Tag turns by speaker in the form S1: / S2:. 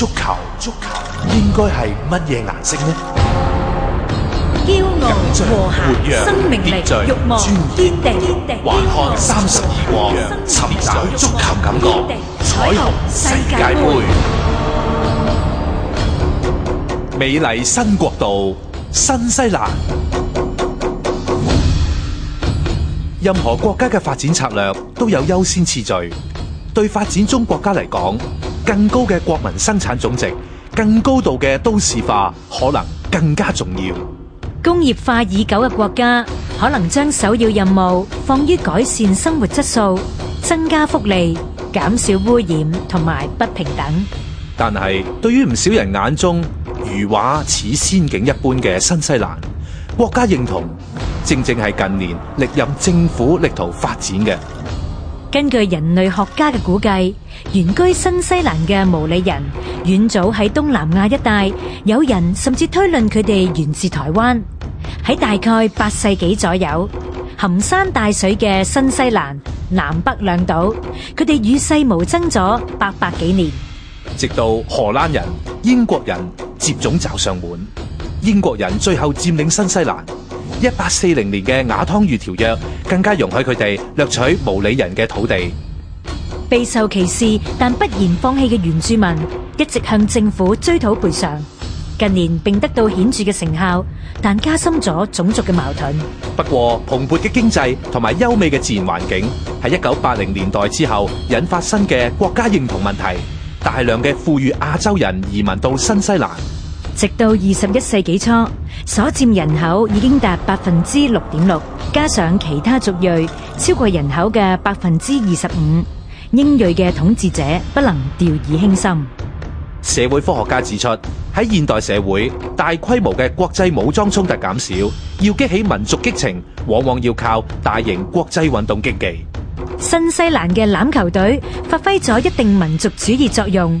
S1: 足球，足球應該係乜嘢顏色呢？驕傲、和諧、生命力、慾
S2: 望、天地、還看三十二
S1: 國，尋找足球感覺，彩虹
S2: 世界杯，
S1: 美麗新國度，新西蘭。任何國家嘅發展策略都有優先次序，對發展中國家嚟講，更高嘅國民生產總值，更高度嘅都市化，可能更加重要。
S2: 工業化已久嘅國家，可能將首要任務放於改善生活質素、增加福利、減少污染同埋不平等。
S1: 但係對於唔少人眼中如畫似仙境一般嘅新西蘭，國家認同，正正係近年歷任政府力圖發展嘅。
S2: 根據人類學家嘅估計，原居新西蘭嘅毛利人遠祖喺東南亞一帶，有人甚至推論佢哋源自台灣。喺大概八世紀左右，含山帶水嘅新西蘭南北兩島，佢哋與世無爭咗八百幾年，
S1: 直到荷蘭人、英國人接踵找上門，英國人最後佔領新西蘭。一八四零年嘅瓦湯頤條約更加容許佢哋掠取毛利人嘅土地，
S2: 備受歧視但不言放棄嘅原住民一直向政府追討賠償，近年並得到顯著嘅成效，但加深咗種族嘅矛盾。
S1: 不過蓬勃嘅經濟同埋優美嘅自然環境喺一九八零年代之後引發新嘅國家認同問題，大量嘅富裕亞洲人移民到新西蘭。直
S2: 到二十一世紀初，所佔人口已經達到百分之六點六，加上其他族裔，超過人口嘅百分之二十五。英裔嘅統治者不能掉以輕心。
S1: 社會科學家指出，喺現代社會，大規模嘅國際武裝衝突減少，要激起民族激情，往往要靠大型國際運動競技。
S2: 新西蘭嘅欖球隊發揮咗一定民族主義作用。